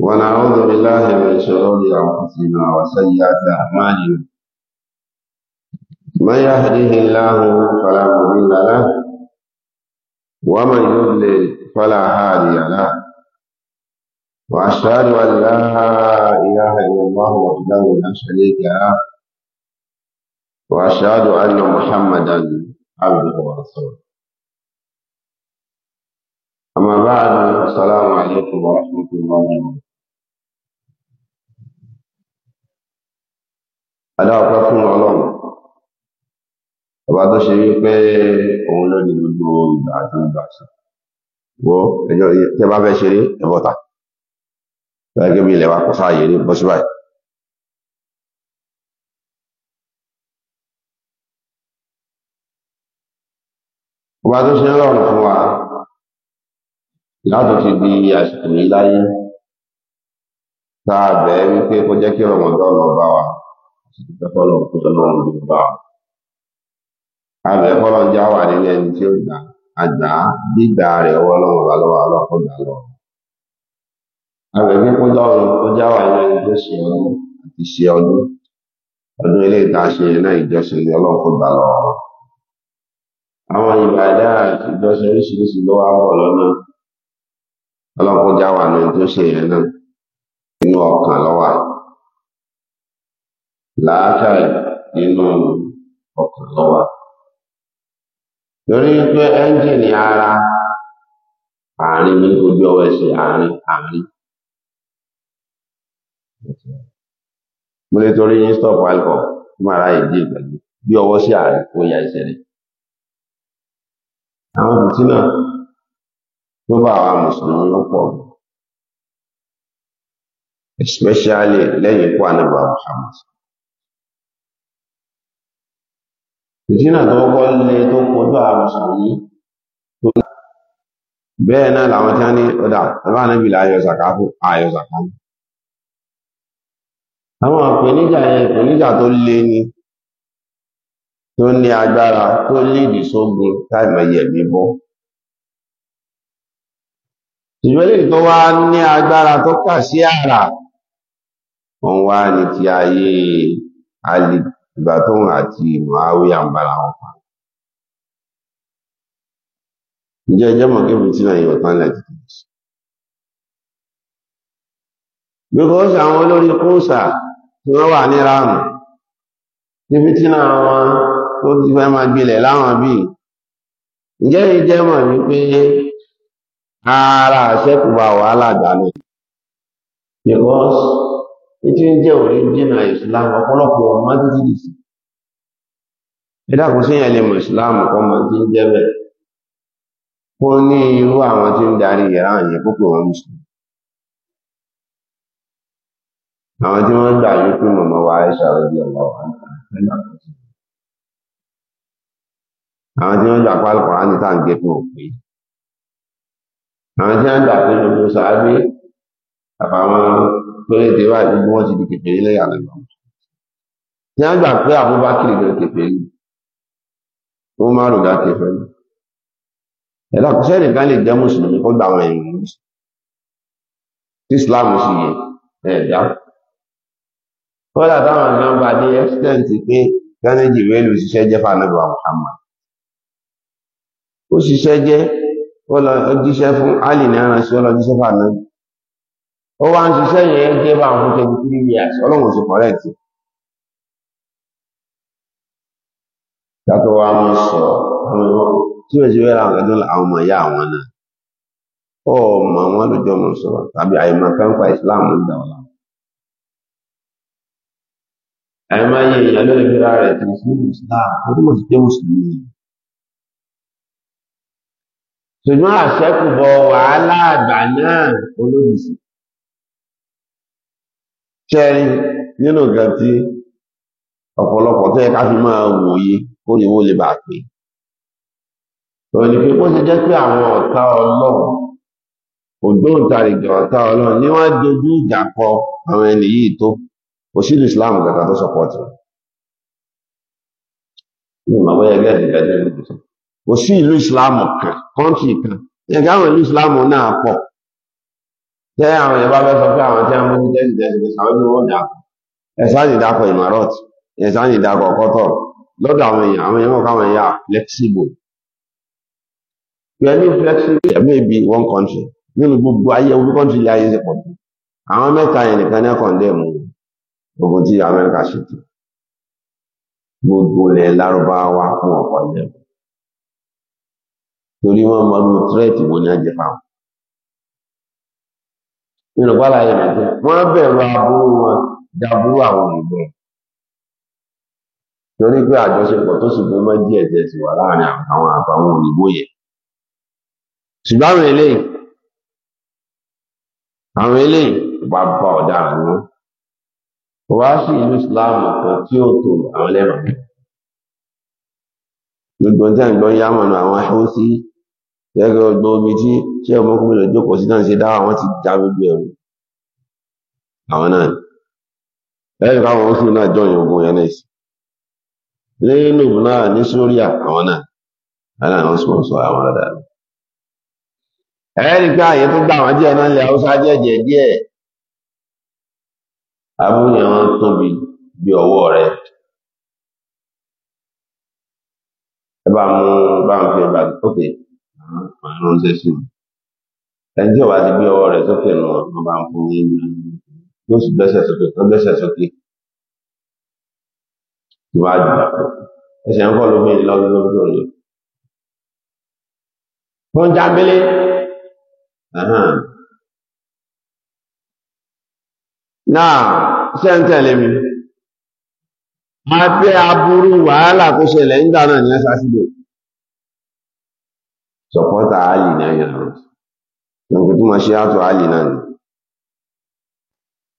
ونعوذ بالله من شرور أنفسنا وسيئات أعمالنا من يهده الله فلا مضل له ومن يضلل فلا هادي له وأشهد أن لا إله إلا الله وحده لا شريك له وأشهد أن محمدا حفظكم ورسوله أما بعد السلام عليكم ورحمة الله وبركاته adáwọ̀pá fún ọlọ́run ọba tó ṣe wípé òun ló ní gbogbo ìgbà àti ìgbà àṣà wo ẹjọ́ tẹ bá fẹ́ ṣeré ẹ̀bọ̀ta gẹ́gẹ́ bí ilẹ̀ wa kò sáàyè ní bọ́sí báyìí ọba tó ṣe ń rọrùn fún wa láti fi di àsìkò yìí láyé tá a bẹ̀ẹ́ wípé kó jẹ́ kí ọ̀rọ̀mọ̀dọ́ lọ bá wa àsìkò tẹ́kọ́ lọ kó sọ lọ́rùn ló bá wa. a bẹ̀ẹ́ kọ́ lọ já wà nínú ẹni tí ó gbà àgbà gbígbà rẹ̀ ọwọ́ lọ́wọ́ bá lọ́wọ́ ọlọ́kọ̀ gbà lọ. a bẹ̀ẹ́ kó lọ́rùn kó já wà nínú ẹni tó ṣe ọdún àti ṣe ọdún ọdún eléyìí tá ṣe náà ìjọsìn ni ọlọ́kọ̀ gbà lọ́wọ́ àwọn ìbàdá ìjọsìn oríṣiríṣi ló wá bọ̀ lọ́nà ọlọ́kọjá wà ní tó ṣe yẹn náà nínú ọkàn lọ́wà làákàrí nínú ọkàn lọ́wà torí pé ẹ́ńjìnì ara àárín ní ojú ọwọ́ ẹsẹ̀ àárín àárín mo lè torí yín stop alcohol fún ara ìdí ìgbàgbé bí ọwọ́ sí àárín ó ya ìṣẹ̀lẹ̀ àwọn fìtínà tó bá àwa mùsùlùmí ló especially lẹ́yìn ikú ànábà Muhammad fìtínà tó kọ́ lé tó kojú àwa mùsùlùmí tó ní bẹ́ẹ̀ náà làwọn tí wọ́n ní ọ̀dà ẹ̀bá ànábì láyọ̀ ṣàkáfù ayọ̀ ṣàkáfù àwọn àpèníjà yẹn ìpèníjà tó lé ni tó ní agbára tó líìdì sógun táìmọye ẹ̀mí bọ́ ìgbélé tó wá ní agbára tó kà sí àrà òun wá ní ti ayé alì ìgbà tóun àti màáwí àǹbára wọn pa ǹjẹ́ ẹjọ́ mọ̀ kí bìtì náà yọ̀ tán lẹ́tí tó sọ because àwọn olórí kóòsà tí wọ́n wà ní ráàmù níbi tí náà wọn tó ti fẹ́ máa gbilẹ̀ láwọn bíi ǹjẹ́ ìjẹ́ mọ̀ wípé ara àṣẹ́kùbà wàhálà dànù because ìtí ń jẹ́ òní jìnà ìsìlámù ọ̀pọ̀lọpọ̀ ọmọ títí dị sí ẹ̀dá kò sí ẹ̀lẹ́ mọ̀ ìsìlámù kọ́ mọ̀ tí ń jẹ́ kó àwọn tí ń darí ìran yẹn púpọ̀ wọn sí àwọn tí wọ́n gbà àwọn tí wọ́n gbà pa alùpàá ní táǹgé fún òpin àwọn tí wọ́n gbà pé gbogbo sàábé àbáwọn péréte báyìí gbogbo wọn ti di kékeré lẹ́yà lẹ́gbàá tí wọ́n gbà pé àbúbákiri gan kékeré ó má rògbà kékeré ẹ̀dá kò sẹ́ni kan lè jẹ́ mùsùlùmí kó gbà àwọn èèyàn mùsùlùmí tí Islam sì yẹ ẹ̀dá kódà táwọn kan bá dé ẹ́sítẹ́ǹtì pé gánẹ́jì wẹ́lú ṣiṣẹ́ jẹ́fà náà bá Muhammad ó ṣiṣẹ́ jẹ́ ó lọ jíṣẹ́ fún alì ní ara sí ọlọ́jíṣẹ́ fàánà ó wá ń ṣiṣẹ́ yẹn jẹ́ bá àwọn twenty three years ọlọ́run sì correct kátó wa mú sọ tí ó ṣe fẹ́ ra ọ̀gá àwọn ọmọ ìyá àwọn náà ó mọ àwọn àlùjọ mọ sọ̀rọ̀ tàbí àyèmọ kánpa ìsìláàmù ń dà wọn. àyèmọ ayé ìyá lórí ìfẹ́ rẹ̀ tó fún ìsìláàmù ó túmọ̀ sí pé mùsùlùmí ṣùgbọ́n àṣẹ́kùbọ̀ wàhálà àgbà náà olóòdìsí ṣẹ́rin nínú nǹkan tí ọ̀pọ̀lọpọ̀ tẹ́ ká fi máa wòye kó ni wọ́n lè bà pé òun ni pé kó ṣe jẹ́ pé àwọn ọ̀tá ọlọ́run ògbóǹtarìgì ọ̀tá ọlọ́run ni wọ́n dojú ìjà kọ àwọn ẹni yìí tó kò sí ní Islam kankan tó sọpọ̀ tì. Ìmọ̀ bóyá ẹgbẹ́ ìgbàjọ́ ìlú kìí kò sí ìlú ìsìláàmù kan kọ́ńtì kan yẹn káwọn ìlú ìsìláàmù náà pọ̀ tẹ àwọn yẹn bá fẹ́ sọ pé àwọn tí wọ́n mú jẹ́sì jẹ́sì pé sàwọn tí wọ́n dà ẹ̀sán ní ìdákọ̀ ìmọ̀rọ̀t ẹ̀sán ní ìdákọ̀ kọ́tọ̀ lọ́dọ̀ àwọn èèyàn àwọn èèyàn káwọn èèyàn flexible pẹ̀lú flexible ẹ̀ maybe one country nínú gbogbo ayé olú country ilé ayé ṣe pọ̀ jù àwọn mẹ́ta yẹn nìkan ní ẹ̀kọ́ ǹdẹ́ mú gbogbo tí Amẹ́ríkà ṣètò gbogbo ilẹ̀ Lárúbáwá fún ọ̀pọ̀ torí wọ́n mọ ọdún tírẹ́ẹ̀tì wọn ní ajẹ́ fáwọn nínú pálá yẹn nìkan wọ́n bẹ̀rù aburú wọn dàbúrú àwọn òyìnbó torí pé àjọṣepọ̀ tó sì pé mọ́ díẹ̀ díẹ̀ ti wà láàrin àwọn àbáwọn òyìnbó yẹn ṣùgbọ́n àwọn eléyìí àwọn eléyìí bá bá ọ̀daràn ni wá sí ìlú ìsìláàmù kan tí ó tó àwọn lẹ́rọ̀ gbogbo tí a ń gbọ́ yámọ̀ nù àwọn ẹ̀hósí yẹ́gẹ́ ọgbọ́n omi tí ṣé ọmọ ọkùnrin jókòó sí náà ṣe ti já gbogbo ẹ̀rù àwọn náà lẹ́yìn káwọn oṣù náà ogun yẹn náà sí lẹ́yìn náà ní sóríà àwọn náà lẹ́yìn àwọn àwọn ọ̀dà pé àyè tó gbà wọ́n jẹ́ náà ilẹ̀ haúsá jẹ́jẹ́ díẹ̀ abúlé wọn bí ọwọ́ rẹ̀ ẹ bá mú bá ń fi ẹ máa ránṣẹ́ sí mi ẹni tí ọba ti gbé ọwọ́ rẹ̀ sókè nù wọn bá ń fún yín yóò sì gbẹ́sẹ̀ sókè tó gbẹ́sẹ̀ sókè ìwádìí ẹsẹ̀ ń kọ́ lómi lọ́dún lójú òní. wọ́n já gbélé náà ṣé ń tẹ̀lé mi máa pé aburú wàhálà tó ṣẹlẹ̀ ń dáná ní ẹ́sà síbẹ̀ sọ̀pọ́tà áàlì náà yàrá nǹkan tí mo ṣe àtọ̀ áàlì náà ni.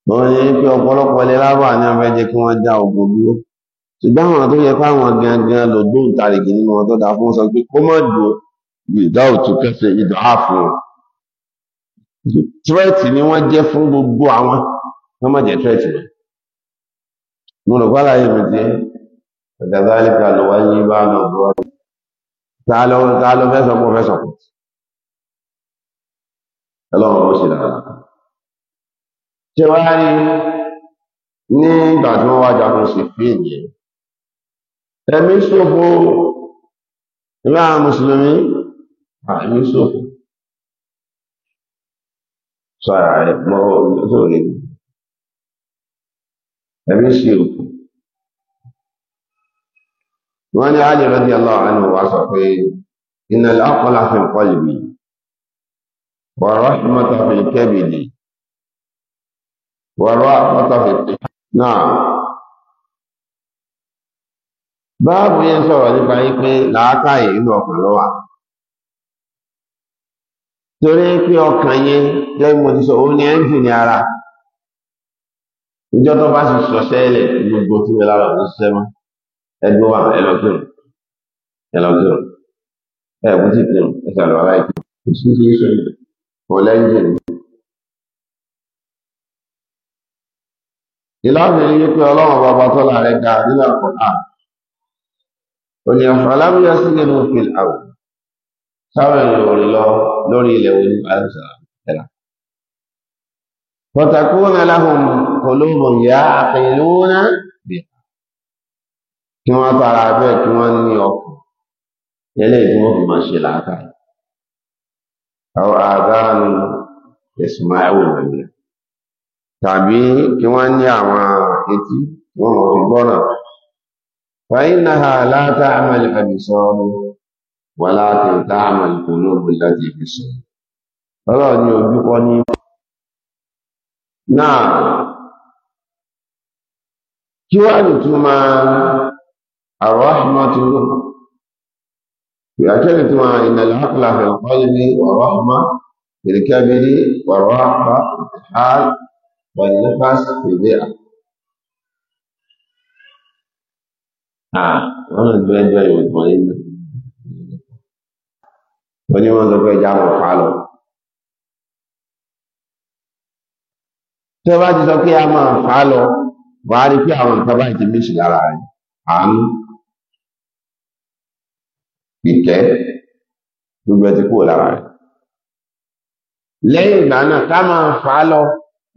wọ́n ní pé ọ̀pọ̀lọpọ̀ ilẹ̀ lábà ní afẹ́ jẹ́ kí wọ́n já ogun dúró ṣùgbọ́n àwọn tó yẹ fáwọn gangan lògbóǹtarìgì nínú wọn tó dáa fún sọ pé kó má dùn without kẹsẹ̀ ìdọ̀ ààfin wọn. tírẹ́ẹ̀tì ni wọ́n jẹ́ fún gbogbo àwọn wọ́n má jẹ́ tírẹ́ẹ̀tì rẹ̀. mo rò pálá yìí mi ti ẹ̀dá dálíkà lọ́wọ́ yí bá náà ta ló ta ló fẹ́ sọ mo fẹ́ sọ ọlọ́run ó ṣe dára ṣe wá rí nígbà tí wọ́n wá jagun sí fi ìyẹn ẹ̀mí ṣòfò ìlà mùsùlùmí àmì ṣòfò sọ ààrẹ mọ́ tó ẹ̀mí ṣòfò wọ́n ní Ali radiyallahu anhu wá sọ pé innal aqla fil qalbi wa rahmata fil kabidi wa rahmata fil náà báàbù yẹn sọ̀rọ̀ nípa yí pé làákàyè inú ọkàn lọ́wà torí pé ọkàn yẹn lẹ́yìn mo ti sọ òun ni ẹ́ńjì ní ara ìjọ tó bá sì sọ sẹ́lẹ̀ gbogbo tí mi lára ò ní ṣiṣẹ́ ẹgbẹ́ wa ẹ lọ kírun ẹ lọ kírun ẹ kò sì kírun ẹ sàlọ́ ara ìkírun kò sí kí ṣe kò lẹ́yìn kírun. ìlànà yìí pé ọlọ́run bàbá tó láàrẹ̀ ga nínú àkọ́kọ́ òní àfàlámúyá sí nínú fìlà àwọn sáwọn èèyàn lọ lórí ilẹ̀ òní àìsà ẹ̀rà pọ̀tàkùn aláhùn olóòmù yá àpèlúwọ́n náà kí wọ́n bára bẹ́ẹ̀ kí wọ́n ní ọkàn yẹlẹ́ tí wọ́n fi máa ṣe làákàá àwọn àdánù ìsìnmáìwò nàìjíríà tàbí kí wọ́n ní àwọn etí wọ́n fi gbọ́nà àmàlì wà láti àmàlì láti ni ojú kọ́ ní náà kí wọ́n الرحمة بأكلتها إن العقل في القلب والرحمة في الكبد والراحة في الحال والنفس في البيئة آه أنا البيت جاي مطمئن وني ما ذكر جامع فعله تبعت ذكر ما فعله وعارف يا من تبعت مش على عين عن Ike gbogbo ẹ kúrò lára rẹ̀ lẹ́yìn ìgbà náà ká máa fà lọ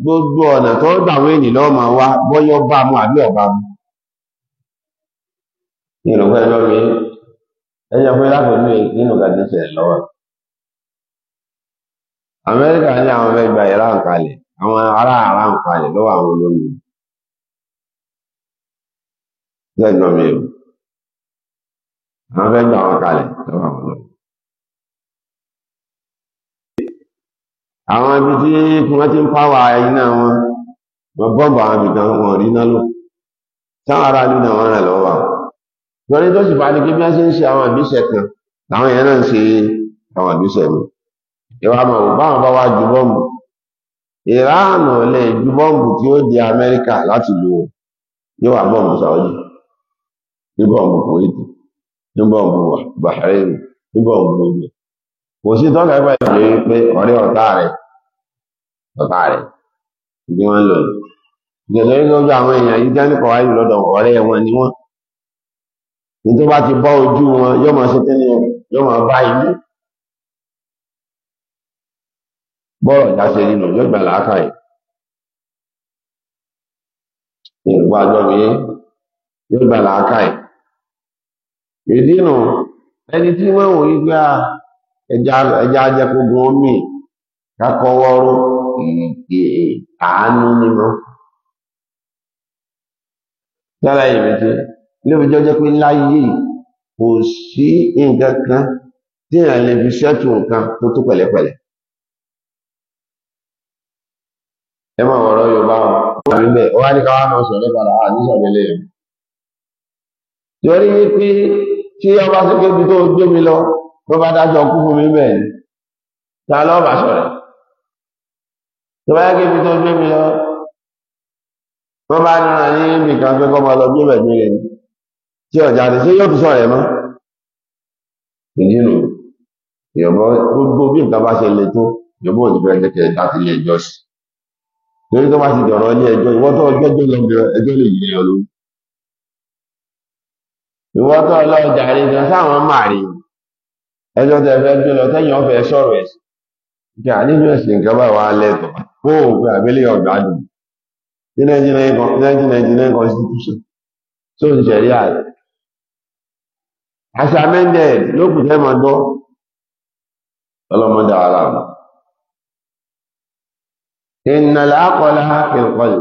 gbogbo ọ̀nà tó gbà wọ́n ènì máa wá bọ́yọ́ bá mu àbí ọ̀bá mu nínú pẹ́ lọ́wọ́ mi ẹ̀yẹ pé lápẹ̀lú nínú ṣẹlẹ̀ lọ́wọ́ Amẹ́ríkà ní ara lọ́wọ́ àwọn olóyún àwọn fẹ́ gbà wọn kalẹ̀ lọ́wọ́ àwọn lọ. àwọn ibi tí wọ́n ti ń pàwà iná wọn wọ́n bọ́ọ̀bù àwọn ibìkan wọn rí iná lò táwọn ará ìlú náà wọ́n rẹ̀ lọ́wọ́ àwọn. lórí tó sì bá ní kí bí ṣe ń ṣe àwọn kan làwọn yẹn náà ń ṣe àwọn ìgbésẹ̀ mi. ìwà báwọn bá ju nígbà ògbùwà bahrain nígbà ògbùwà kò sí tọ́ka ẹgbẹ́ ìjọ yìí pé ọ̀rẹ́ ọ̀tá rẹ̀ ọ̀tá rẹ̀ ìdí wọn lò ní. ìgbésẹ̀ yìí lọ́jọ́ àwọn èèyàn yìí jẹ́ nípa wáyé lọ́dọ̀ ọ̀rẹ́ wọn ni wọ́n. ní tó bá ti bọ́ ojú wọn yóò máa ṣe tẹ́lẹ̀ yóò máa bá ilé. bọ́ọ̀rọ̀ jáse nínú yóò gbà láàkà yìí. ìgbà àjọ mi yóò gbà láàkà yìí ìdínà ẹni tí wọ́n wòye pé ah, ẹja ajẹkogun omi kakọwọ́rọ́ ìgbé àánú nímọ̀ lára ìrètí lóòjọ́ jẹ́ pé láyé kò sí nǹkan kan tí èèyàn lè fi ṣẹ́tù nǹkan tó tó pẹ̀lẹ́pẹ̀lẹ́ ẹ máa wọ̀rọ̀ Yorùbá wọn àbí bẹ́ẹ̀ ó wá ní káwá máa tí ọba tó kébi tó gbé mi lọ tó bá dájọ́ kú fún mi bẹ́ẹ̀ ni ta lọ́ọ̀bà sọ̀rọ̀ tó bá kébi tó gbé mi lọ tó bá nira ní nìkan pé kọ́ máa lọ gbé bẹ̀mí rẹ̀ ni tí ọ̀jà rẹ̀ ṣé yóò fi sọ̀rọ̀ ẹ̀ mọ́ ìdínú ìyọ̀bọ gbogbo bí nǹkan bá ṣe le tó ìyọ̀bọ ò ní fẹ́ jẹ́ kẹ́ ẹ láti ilé ẹjọ́ sí torí tó bá ti dọ̀rọ̀ ilé ẹjọ́ ìwọ́n tó ọjọ́ ẹjọ́ lọ ẹjọ́ lè yí ẹ lórí ìwọ́ tó ọlọ́jà rí gan sáwọn máa rí ẹjọ́ tẹ fẹ́ gbé lọ tẹ́yìn ọ̀fẹ́ sọ̀rọ̀ ẹ̀sìn kí àníjú ẹ̀sìn nǹkan bá wà lẹ́tọ̀ kó o pé àbílẹ̀ ọ̀gbádùn ní 1999 constitution tó ń ṣẹ̀rí ààrẹ àṣà mẹ́ndẹ̀ lókùn tẹ́ máa gbọ́ ọlọ́mọdé ara mọ́ ìnàlá akọlá kìlkọlì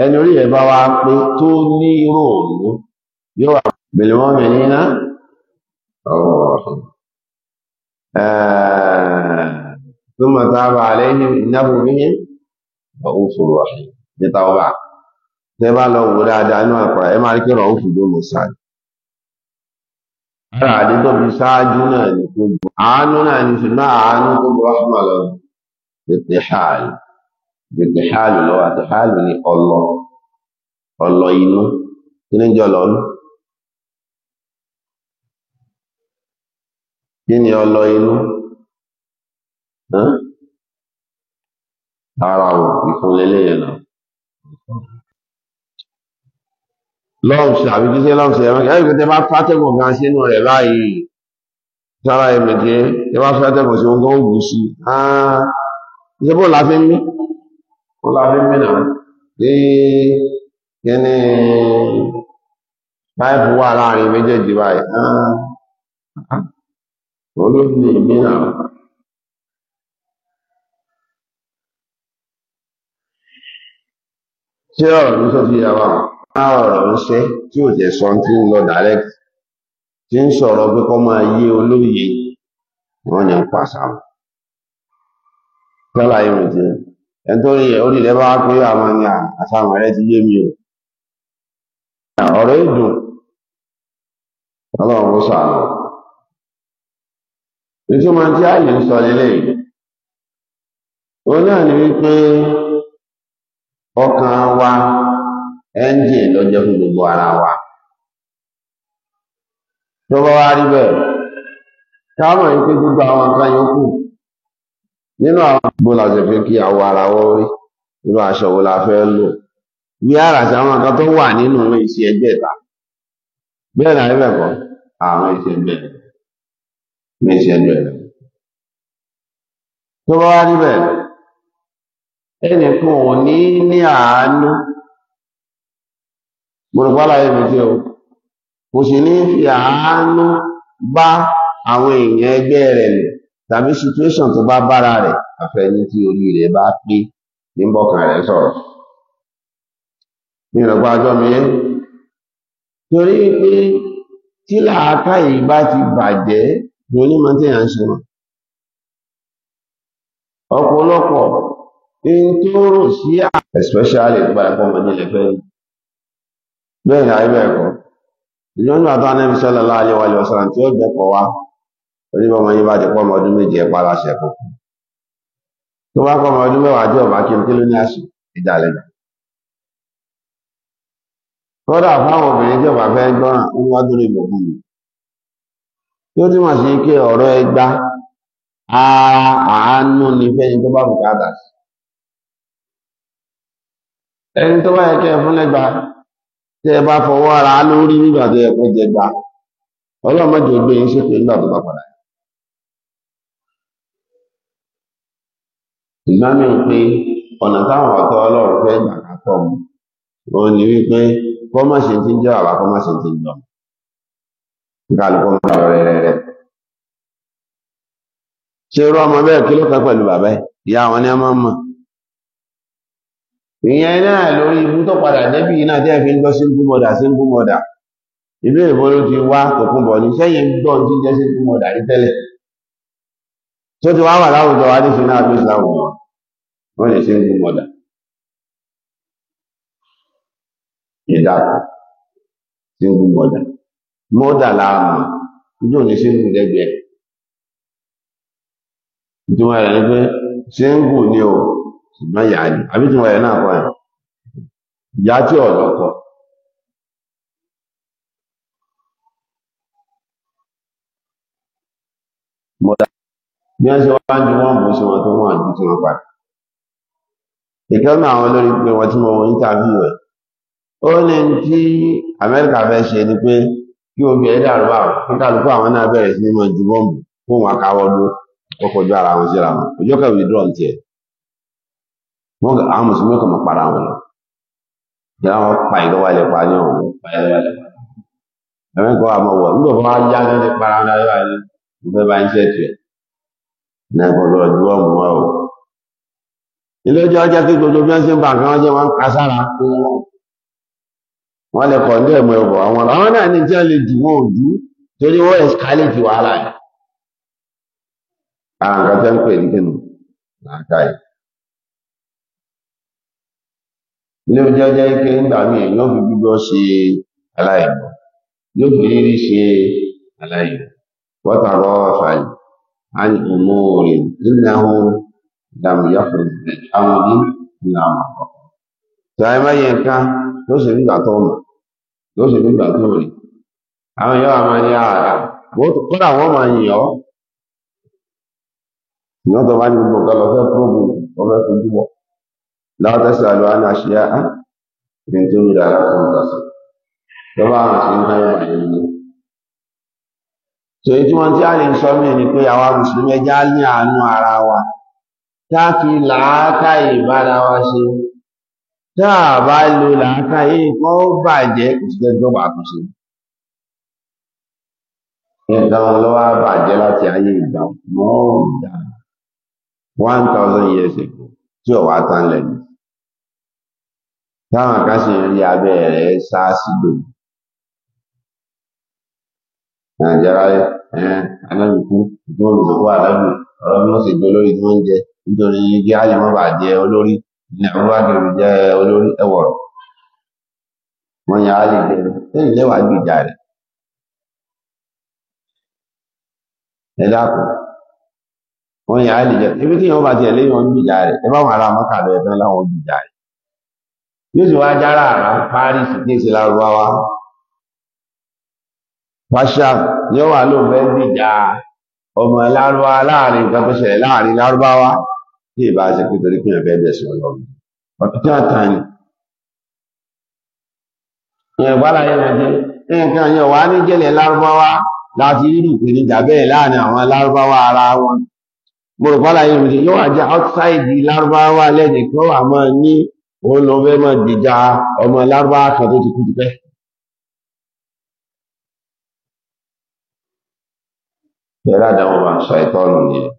ẹni orí ẹ̀ bá wa pé tó ní ròònù yóò wà بالمؤمنين رؤوف آه ثم تاب عليهم انه بهم رؤوف رحيم بطوبع تبع لو ولا دعنا القران ما لك رؤوف دون مساعد فعدد مساعدنا عانونا ان سنا عانوكم رحمة لهم بالتحال بالتحال لو اتحال من الله الله ينو تنجلون Gịnị ọlọ inú? Ara ò, ìfúnlélé yẹn lọ. Lọ́ọ̀ṣì àbí kí ṣe lọ́ọ̀ṣì ẹ̀rọ ẹ̀rọ ìgbé tẹ́ bá fátẹ́gùn gan sínú rẹ̀ báyìí. Sára ẹ̀mì kí tẹ́ bá fátẹ́gùn sí oúnjẹ ògùn sí. Ṣé bó la fi ń mí? Bó la fi ń mí náà? Ṣé kí ni báyìí wà láàrin méjèèjì báyìí? olóyè mìíràn tí ọ̀rọ̀ ní sọ sí yàrá á ọ̀rọ̀ ránṣẹ́ tí ò jẹ́ sọ tí ń lọ direct tí ń sọ̀rọ̀ pé kọ́ máa yé olóyè wọ́n yàn ń pàṣà lọ́la yìí rìn jẹ́ ẹni tó rí orí rẹ̀ bá pé àwọn ní àtàwọn rẹ̀ ti yé mi o ọ̀rọ̀ ìdùn ọlọ́run ó sàánú ìtumọ̀ tí ààyè ń sọ lélẹ̀ yìí ó náà ni wípé ọkàn wa ẹ́ńjìn ló jẹ́ fún gbogbo ara wa tó bá wá rí bẹ́ẹ̀ káwọn ìpé gbogbo àwọn nǹkan yòókù nínú àwọn gbogbo làṣẹ fẹ́ kí àwọ ara wọ́n rí nínú aṣọ wo la fẹ́ lò bí àràṣà àwọn nǹkan tó wà nínú iṣẹ́ ẹgbẹ́ bẹ́ẹ̀ náà ẹgbẹ́ kan àwọn iṣẹ́ ẹgbẹ́ méjì ẹnu ẹ̀ tó bá wá níbẹ̀ ẹnìkan ò ní ní àánú gbogbo aláyé mi jẹ́ o kò sì ní fi àánú bá àwọn èèyàn ẹgbẹ́ rẹ̀ lè tàbí situation tó bá bára rẹ̀ àfẹ́ni tí orí rẹ̀ ni onye tí èèyàn ń ṣe mọ́ ọ̀pọ̀lọpọ̀ in tó rò sí especially ìgbàgbọ́ ọmọdélẹ̀ pẹ́ ni bẹ́ẹ̀ ni àyè bẹ́ẹ̀ kọ́ ìjọ́nù àtọ́ anẹ́bí sọ́lá láàrin wàlẹ̀ ọ̀sán tí tí ó túmọ̀ sí pé ọ̀rọ̀ ẹgba ara àánú ni fẹ́ni tó bá bùkátà sí ẹni tó bá yẹ kẹ́ fún lẹ́gba tí ẹ bá fọwọ́ ara lórí nígbà tó yẹ kó jẹ gba ọlọ́run mọ́jọ gbé yín ṣépè nígbà tó bá padà ìgbà mi pé ọ̀nà táwọn ọ̀tọ́ ọlọ́run fẹ́ gbà ká tọ̀ mu òun ni wípé kọ́mọ̀ṣe ti ń jẹ́ àbá kọ́mọ̀ṣe ti ń jọ mu kálukú ń gbà rẹ̀ rẹ̀ ṣe irú ọmọ bẹ́ẹ̀ kí ló kàn pẹ̀lú bàbá ẹ̀ ìyá àwọn ní ọmọ mọ̀ ìyẹn náà lórí ibú tó padà débì náà tẹ́ fi ń gbọ́ sínkú mọ̀dà sínkú mọ̀dà ìlú èbó ló ti wá kòkún bọ̀ ní sẹ́yìn gbọ́ tí jẹ́ sínkú mọ̀dà rí tẹ́lẹ̀ tó ti wá wà láwùjọ wa ní sinmi àti ìsìláwùjọ wọn lè sínkú mọ̀dà ìdá sínkú mọ̀dà. mọ́dà láàmù ojú onye ṣíngù nkwụ ìtumọ̀ rẹ̀ ni pé ṣíngù ni o ṣùgbọ́n àbí ìtumọ̀ náà ìyá tí bí wọ́n ṣe wá ju wọ́n sí wọn tó wọ́n tí wọ́n náà àwọn olórí pé wọ́n rẹ̀ ó ní tí kí omi ẹ̀dá àrùbá kálukú àwọn náà bẹ̀rẹ̀ sí ní mọ̀ ju bọ́ǹbù fún wọn káwọ́ dún wọ́n kọjú ara wọn síra wọn ojú ọkọ̀ ìdí dúró tiẹ̀ àwọn mùsùlùmí kò mọ̀ para wọn lọ ìyá wọn pa ìlọ́wà ilẹ̀ pa ní ọ̀hún pa ìlọ́wà ilẹ̀ pa ẹ̀mí kọ́ àmọ́ wọ̀ nígbà fún wa ní ti para wọn láyé wáyé mo fẹ́ bá ń ṣe tiẹ̀ náà kọ́ lọ́ọ́ ju ọ̀mù wọn o ilé ọjọ́ ọjọ́ kí gbogbo bí wọ́n ṣe ń bà kí wọ́n jẹ́ wọn kására fún wọn wọ́n lè kọ̀ndé ẹ̀mọ̀ ẹ̀bọ̀ àwọn àwọn náà ní jẹ́ lè dùn wọn ojú torí wọ́n ẹ̀skáléètì wàhálà ẹ̀ àǹkàtẹ́ ń pè ní kínú láàká ẹ̀ ilé ìjọ jẹ́ ike ńgbà mí ẹ̀ fi gbígbọ́ ṣe aláìmọ̀ yóò fi rírí ṣe aláìmọ̀ ìdàmúyà fún ìdàmúyà fún yóò ṣe nígbà tó rìn àwọn yóò máa ní àrà ah, ah, wọ́n tó kọ́ra wọ́n máa yìn ọ́ ìyọ́n tó bá ní gbogbo nǹkan lọ fẹ́ próbù wọ́n fẹ́ fojú bọ̀ láwọn tẹ̀sí àlọ́ àná àṣeyá á ní ah, tó rí rárá tó ń tàṣe tó bá àwọn àṣeyá máa yọ àyè ní. sọ tí wọ́n ti á lè sọ mí ni pé àwa mùsùlùmí ẹja ní àánú ara wa táàkì làákàyè bára wa ṣe dáa bá lo làákà yìí kọ́ ó bàjẹ́ kò sí lẹ́jọ́ wà tó ṣe. nǹkan lọ́wọ́ bàjẹ́ láti ayé ìgbà mọ́ọ̀dà one thousand years ago tí ọ̀wá tán lẹ́nu. táwọn kan sì ń rí abẹ́ rẹ̀ sá síbò. nàìjíríà ẹ alábìkú ìdúró olùdókòwò alábìkú ọ̀rọ̀ bí wọ́n gbé lórí tí wọ́n ń jẹ nítorí kí á lè má bàjẹ́ olórí. Abubakar jẹ́ olórí ẹ̀wọ̀ rẹ̀ wọ́n yan Ali lẹ́nu lẹ́yìn lẹ́wàá gbèjà rẹ̀ ẹ dákun wọ́n yan Ali jẹ́ ibi tí yẹn bá tiẹ̀ lẹ́yìn wọn gbèjà rẹ̀ ẹ bá wọn ará mọ́kà lọ ẹ̀dán láwọn gbèjà rẹ̀ yóò sì wá jára àrà Paris ní èsì Lárúbáwá Fáṣà ni wà lóun fẹ́ ọmọ Lárúbáwá láàrin nǹkan ṣẹlẹ̀ láàrin Lárúbáwá tí ì bá ṣe pé torí pé ẹ̀fẹ́ bẹ̀sùn ọlọ́run ọ̀tútù àtà ni. ìyẹn bá láyé wọn jẹ nǹkan yẹn wàá ní jẹ́lẹ̀ lárúbáwá láti rírì ìpèníjà bẹ́ẹ̀ láàrin àwọn lárúbáwá ara wọn. mo rò fọ́lá yẹn jẹ yóò wá jẹ́ outside lárúbáwá lẹ́nìkan wà máa ní òun lọ fẹ́ máa gbèjà ọmọ lárúbáwá kan tó ti kú tipẹ́. Bẹ́ẹ̀ ládàá wọn máa sọ ẹ̀tọ́ ọ̀nà nìyẹn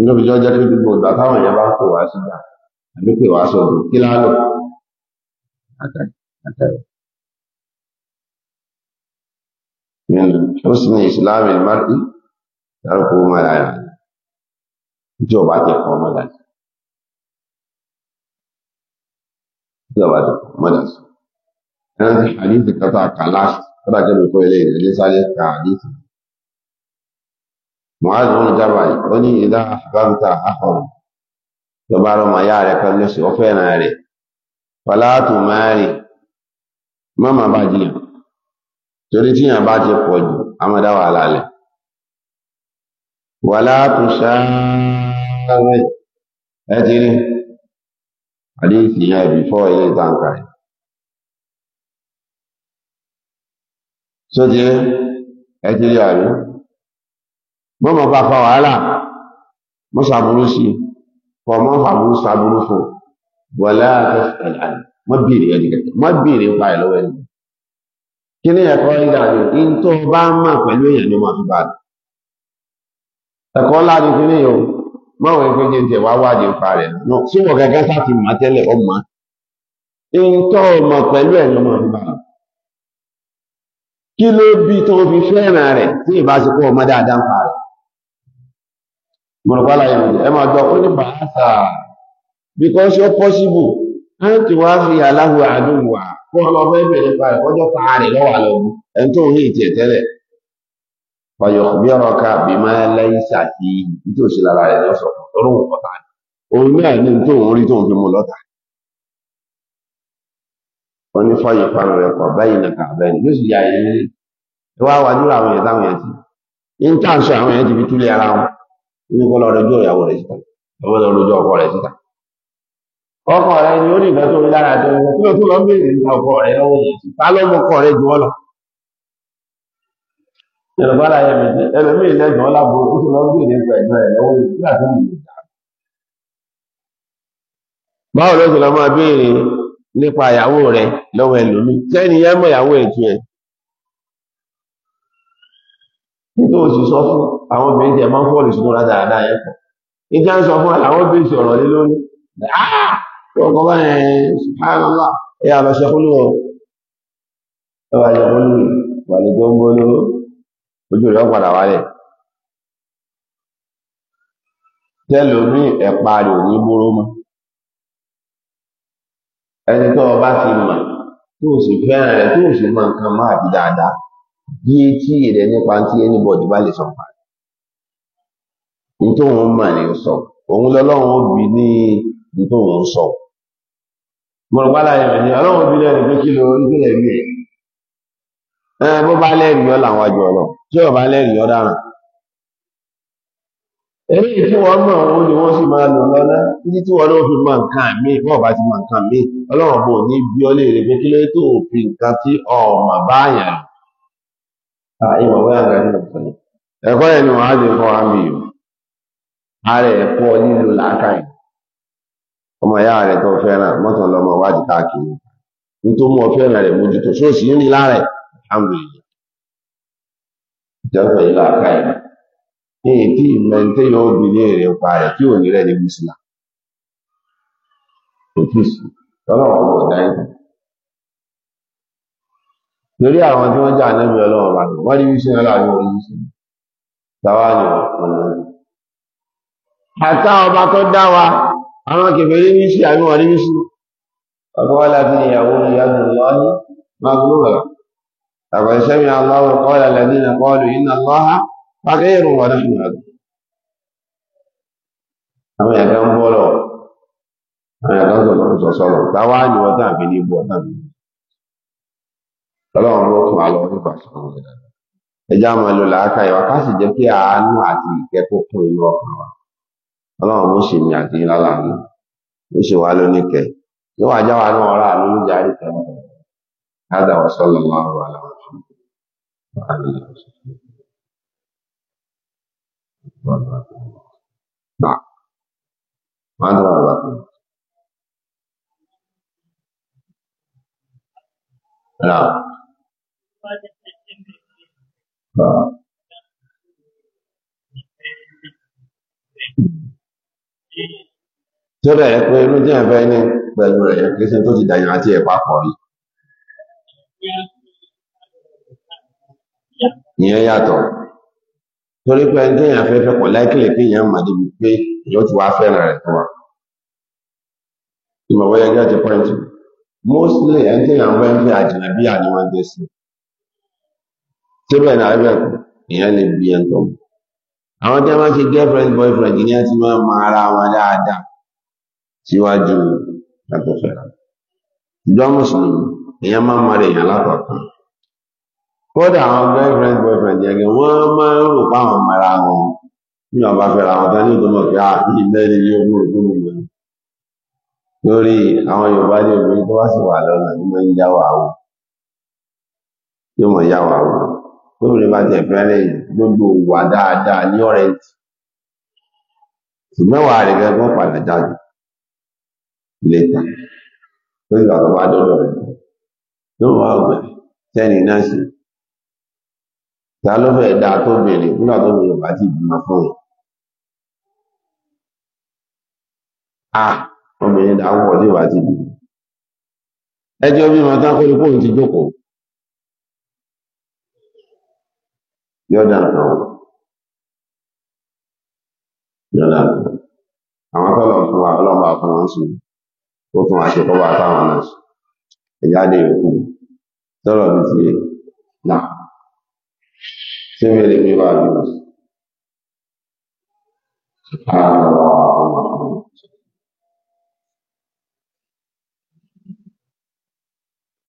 nígbà tó jọjọ pé gbogbo ìgbà táwọn èèyàn bá ń pè wá síjà àbí pè wá sọ̀rọ̀ kí láá lò àtàrí. حسن إسلام المرء تركه ملامة جواب تقوى ملامة جواب تقوى ملامة أنا في حديث قطع كلاس ترى كم يقول لي ليس عليك حديث mu'az bin jabal ó ní ìdá àbábítà àkọrù tó bá rọ màá yá rẹ kan lóṣù ó fẹ́ràn rẹ fọláàtù márì mọ́mà bá jiyàn torí tíyàn bá ti pọ̀ jù amọ̀dá wà lálẹ́ wàláàtù sáárẹ̀ ti ti mọ́mọ́ bá fa wàhálà mọ́ sàbúrú sí fọ mọ́ fàbúrú sàbúrú fún wọlé àtẹ́sẹ̀lẹ̀ mọ́ bèèrè ẹni kẹta mọ́ bèèrè pa ẹ̀ lọ́wọ́ ẹni kí ni ẹ̀kọ́ ìdá ni kí n tó bá mà pẹ̀lú èèyàn ni wọ́n fi bá dùn ẹ̀kọ́ ńlá ni kí ni yòó máwọn ẹgbẹ́ jẹ́ tiẹ̀ wá wádìí ń parẹ̀ náà sí wọ́n gẹ́gẹ́ sáti mà tẹ́lẹ̀ ọmọ n tó mọ̀ pẹ̀lú ẹ̀ lọ́mọ fi kí ló bí tó fi fẹ́ràn rẹ̀ tí ìbáṣepọ̀ gbọ̀rọ̀pàá yẹn ẹ máa gbọ́ ó ní bàásà because you're possible láti wá fi aláwo àdúgbà kó ọlọ́mọ ẹgbẹ́ nípa ìkọjọ́ taari lọ́wọ́ àlọ́mú ẹ̀ tó ń rí ìtì ẹ̀tẹ́lẹ̀ fàyọ̀ bí ọ̀rọ̀ ká bí máa lẹ́yìn sàkí nítorí òṣèlú ara rẹ̀ lọ́sọ̀ lọ́rùn ọ̀tá òun náà ní tó ń rí tó ń fi mú lọ́tà wọ́n ní fàyọ̀ pàrọ̀ rẹ̀ pọ̀ báyìí nàkà bẹ́ẹ̀ ni yóò sì yà yín ní wá wájú àwọn yẹn táwọn yẹn ti ń tàǹsọ̀ àwọn yẹn ti fi túlẹ̀ ara wọn ní kọ́ lọ rẹjọ́ ìyàwó rẹ̀ síta ọmọ náà lójú ọkọ rẹ̀ síta ọkọ rẹ̀ ni ó ní ìgbà tó rí lára tó rẹ̀ kí ló tún lọ ń béèrè nípa ọkọ rẹ̀ lọ́wọ́ yẹn ta ló mọ ọkọ rẹ̀ jù ọ́ lọ. ìrọ̀bá ara yẹn mi ẹlòmíì lẹ́jọ́ lábọ̀ ó tún lọ ń béèrè nípa ẹ̀gbọ́n rẹ̀ lọ́wọ́ yẹn nígbà tó yìí dá. báwo ló ti lọ máa béèrè nípa ìyàwó rẹ̀ lọ́wọ́ ẹlòmíì sẹ́ni yẹn mọ̀ ìyàwó ẹ̀ tó sì sọ fún àwọn obìnrin tí ẹ máa ń fọ́ọ̀lù sínú ra dáadáa yẹn pọ̀ ìjà ń sọ fún àwọn obìnrin sì ọ̀rọ̀ lé lórí ọkọ̀ ah! bá ẹ̀ ṣùgbọ́n ẹ àbàṣẹ fún lóò ẹ wà lè fún lóò wà lè tó ń gbóná ojú rẹ̀ padà wálẹ̀ tẹ́lómi ẹ̀pa rẹ̀ ò ní bóró mọ́ ẹni tó o bá ti mọ̀ tó o sì fẹ́ràn rẹ̀ tó o sì mọ nǹkan máa fi dáadáa di etí rẹ̀ nípa tí anybody bá lè sọ pa ní tóun mà ní sọ òun lọ́lọ́run òbí ní ní tóun sọ mọ̀rọ̀pálá ẹ̀rẹ̀ ni ọlọ́run òbí lẹ́rìí pé kí ló rí bí ẹ̀rí ẹ̀ bó bá lẹ́rìí ọ làwọn àjọ ọ̀rọ̀ tí ò bá lẹ́rìí ọ dáràn eré tí wọ́n mọ̀ òun ni wọ́n sì máa lò lọ́lá títí tí wọ́n náà fi máa nǹkan míì bọ́ọ̀ bá ti máa nǹkan míì ọlọ́run bò ní bí ọ lè rí pé kí ló tó òfin nǹkan tí ọ̀ọ̀mà báyà lò ìmọ̀ bóyá nǹkan nínú ìtọ́ ni ẹ̀kọ́ yẹn ni wọ́n á lè kọ́ wa bí o ààrẹ ẹ̀kọ́ lílo làákàyè ọmọ ìyá rẹ̀ tó fẹ́ràn mọ́tò lọ́mọ wájú káàkiri nítorí mo fẹ́ràn rẹ̀ mójútó sóòsì ń rí lára ẹ̀ alhamdulilayi ìjọba yìí làákàyè ní ètí ìmọ̀ntẹ́ yóò bí ní èrè ń pa rẹ̀ kí òní rẹ̀ ní bùsùlà kò tù sí lọ́nà ọ̀gbọ̀n lórí àwọn tí wọ́n jà nẹ́bí ọlọ́run bá wọ́n rí wíṣẹ́ náà láàrin orí wíṣẹ́ dáwà ní ọ̀nà àtà ọba tó dá wa àwọn kèfèrí wíṣẹ́ àbí wọ́n rí wíṣẹ́ ọkọ̀ wá láti ìyàwó ìyàgbọ̀n lọ́ní máa gbó rẹ̀ àgbà iṣẹ́ mi aláwọ̀ kọ́lá lẹ́dí na kọ́lù iná lọ́ha pàkẹ́ ìrùn wọn náà nà àwọn ẹ̀ka ń bọ́ lọ àwọn ẹ̀ka ń sọ̀rọ̀ sọ̀rọ̀ táwa ni wọ́n tàbí ní ibú ọ̀tàbí lọ́lọ́run ló kàn á lọ nípa sọ̀rọ̀ rẹ̀ dáadáa ẹjẹ́ á máa lo làákà ìwà ká sì jẹ́ kí àánú àti ìkẹ́ tó kún inú ọkàn wa ọlọ́run ló ṣe mí àti ńlá láàánú ṣe wá lóníkẹ́ wa náà ọ̀rá jẹ́ But tó bẹ̀rẹ̀ pé inú jẹ́ ẹ̀fẹ́ ní pẹ̀lú rẹ̀ kí sí tó ti dàyàn àti ẹ̀pá pọ̀ rí ìyẹn yàtọ̀ torí pé ẹni téèyàn fẹ́ fẹ́ pọ̀ láìkìlẹ̀ pé èèyàn mà débi pé yóò ti wá fẹ́ràn rẹ̀ tó wà ìmọ̀ bóyá ẹgbẹ́ àti pọ́ìntì mostly ẹni téèyàn fẹ́ fẹ́ àjìnà bí àníwọ̀n dé sí i síbẹ̀ náà ẹgbẹ́ èèyàn lè bí ẹn tó mú àwọn tí wọ́n ti girlfriend boyfriend ní ẹ ti máa ma ara wọn dáadáa síwájú ẹ̀tọ́ fẹ́ra ìjọ mùsùlùmí èèyàn máa ń mọ èèyàn lápapọ̀ kódà àwọn girlfriend boyfriend yẹn wọ́n máa ń rò páwọn mara wọn bí wọ́n bá fẹ́ra wọn tán ní ìdúmọ̀ pé ilé ah, ni yóò mú òkú mú lórí àwọn Yorùbá ní obìnrin tó wá sì wà lọ́nà ní máa ń yá wàá yóò mọ̀ yá wàá gómìnà bá tiẹ̀ fẹ́ gbogbo wà dáadáa ní ọrịa ti wà rẹ̀ gẹ́gẹ́ padà jáde lẹ́tà lórí ìgbà tó bá dọ́dọ̀ rẹ̀ yóò máa tẹ́ni náà sí ta ló fẹ́ dáa tó béèrè nígbà tó a obìnrin dáa ń ti bímọ ẹjọ́ bímọ tán kó ní kóun ti jókòó. yọ̀dà kan o yọ̀dà kan àwọn tọ́lọ̀ fún wa ọlọ́mọ àfọ̀n wọn sùn ó fún wa ṣe kọ́ wa táwọn náà sùn ẹ̀yà dé ìkú tọ́lọ̀ ní ti nà sí mi lè mi wà bí wọ́n sùn.